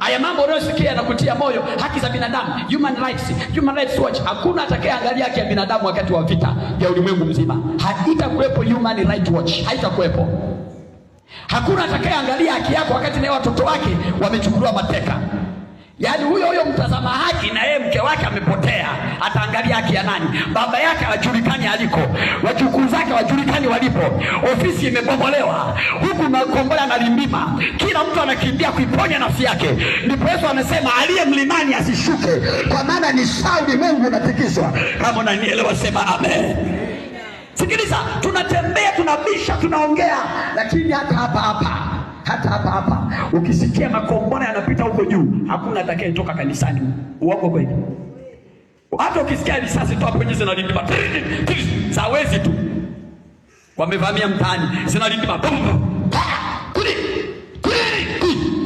Haya mambo unayosikia yanakutia moyo, haki za binadamu, human rights, human rights watch. Hakuna atakayeangalia haki ya binadamu wakati wa vita vya ulimwengu mzima. Haitakuwepo human rights watch, haitakuwepo. Hakuna atakayeangalia haki yako wakati naye watoto wake wamechukuliwa mateka. Yaani huyo huyo mtazama haki na yeye mke wake amepotea, ataangalia haki ya nani? Baba yake hajulikani aliko, wajukuu zake ipo, ofisi imebomolewa, huku makombora na kila mtu anakimbia kuiponya nafsi yake. Ndipo Yesu amesema aliye mlimani asishuke, kwa maana ni shauri mungu unatikiswa. Kama unanielewa sema amen. Sikiliza, tunatembea tunabisha, tunaongea, lakini hata hapa hapa hata hapa hapa ukisikia makombora yanapita huko juu, hakuna atakayetoka kanisani. Uongo kweli? Hata ukisikia risasi tu hapo, nyinyi zinalimbima sawezi tu wamevamia mtaani, zinalindi mabomu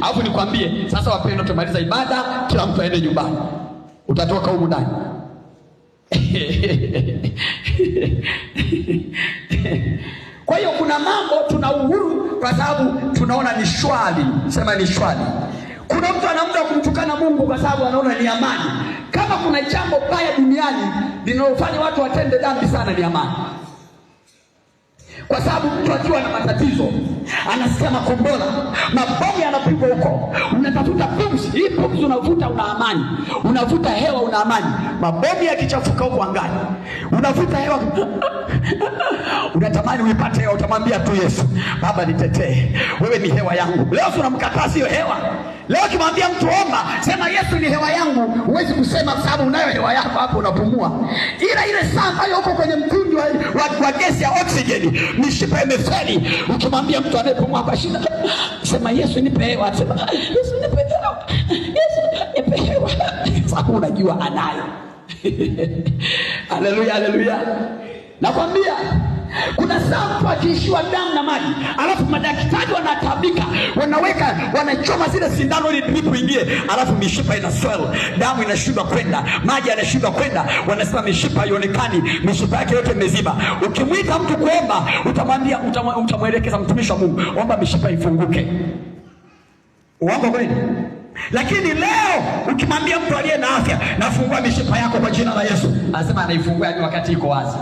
Alafu nikwambie sasa, wapendwa, tumaliza ibada, kila mtu aende nyumbani, utatoka huko ndani Kwa hiyo kuna mambo tuna uhuru kwa sababu tunaona ni shwari, sema ni shwari. Kuna mtu ana muda kumtukana Mungu kwa sababu anaona ni amani. Kama kuna jambo baya duniani linalofanya watu watende dhambi sana, ni amani kwa sababu mtu akiwa na matatizo anasikia makombora, mabomu yanapigwa huko, unatafuta pumzi. Hii pumzi unavuta, una amani, unavuta hewa, una amani. Mabomu yakichafuka huko angani, unavuta hewa unatamani uipate hewa, utamwambia tu Yesu, Baba nitetee, wewe ni hewa yangu. Leo tunamkataa hiyo hewa. Leo kimwambia mtu omba, sema Yesu ni hewa yangu, huwezi kusema sababu unayo hewa yako hapo, unapumua, ila ile saa ambayo uko kwenye kwa gesi ya oksijeni, mishipa imefeli. Ukimwambia mtu anayepumua kwa shida, sema Yesu nipe hewa, sema Yesu nipe hewa, Yesu nipe hewa, sababu unajua anayo. Haleluya, haleluya, nakwambia kuna saa mtu akiishiwa damu na maji, alafu madaktari wanatabika, wanaweka wanachoma zile sindano ili dripu ingie, alafu mishipa ina swell, damu inashindwa kwenda, maji yanashindwa kwenda, wanasema mishipa haionekani, mishipa yake yote imeziba. Ukimwita mtu kuomba, utamwambia utamwelekeza, mtumishi wa Mungu, omba mishipa ifunguke. Uongo kweli? Lakini leo ukimwambia mtu aliye na afya, nafungua mishipa yako kwa jina la Yesu, anasema anaifungua, yaani wakati iko wazi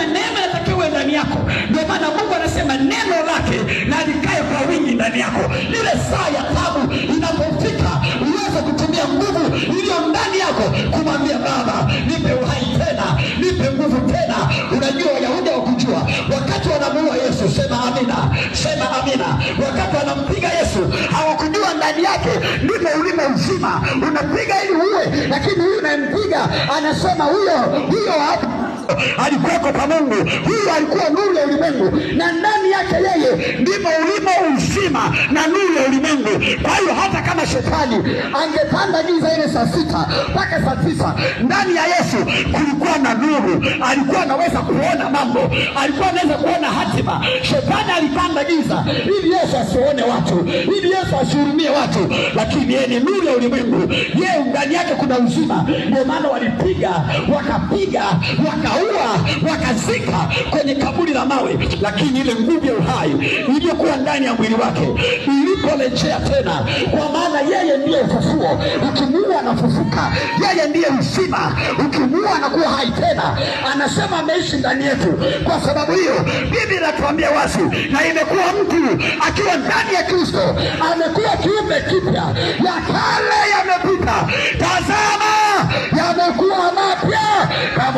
lazima neema inatakiwa ndani yako. Ndio maana Mungu anasema neno lake na likae kwa wingi ndani yako. Lile saa ya tabu inapofika, uweze kutumia nguvu iliyo ndani yako kumwambia Baba, nipe uhai tena, nipe nguvu tena. Unajua Wayahudi hawakujua wakati wanamuua Yesu. Sema amina, sema amina. Wakati wanampiga Yesu hawakujua ndani yake ndipo ulima uzima unapiga ili uwe, lakini huyu unayempiga anasema huyo huyo hapa alikuweko pa Mungu. Huyu alikuwa nuru ya ulimwengu, na ndani yake yeye ndimo ulimo uzima na nuru ya ulimwengu. Kwa hiyo hata kama shetani angepanda giza ile saa sita mpaka saa tisa, ndani ya Yesu kulikuwa na nuru. Alikuwa anaweza kuona mambo, alikuwa anaweza kuona hatima. Shetani alipanda giza ili Yesu asione watu, ili Yesu asihurumie watu, lakini yeye ni nuru ya ulimwengu, yeye ndani yake kuna uzima. Ndio maana walipiga wakapiga waka wakaua wakazika kwenye kaburi la mawe, lakini ile nguvu ya uhai iliyokuwa ndani ya mwili wake iliporejea tena, kwa maana yeye ndiye ufufuo. Ukimua anafufuka, yeye ndiye uzima. Ukimua anakuwa hai tena, anasema ameishi ndani yetu. Kwa sababu hiyo Biblia inatuambia wazi, na imekuwa mtu akiwa ndani ya Kristo amekuwa kiumbe kipya, ya kale yamepita, tazama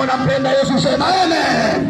la prenda de sus semanas.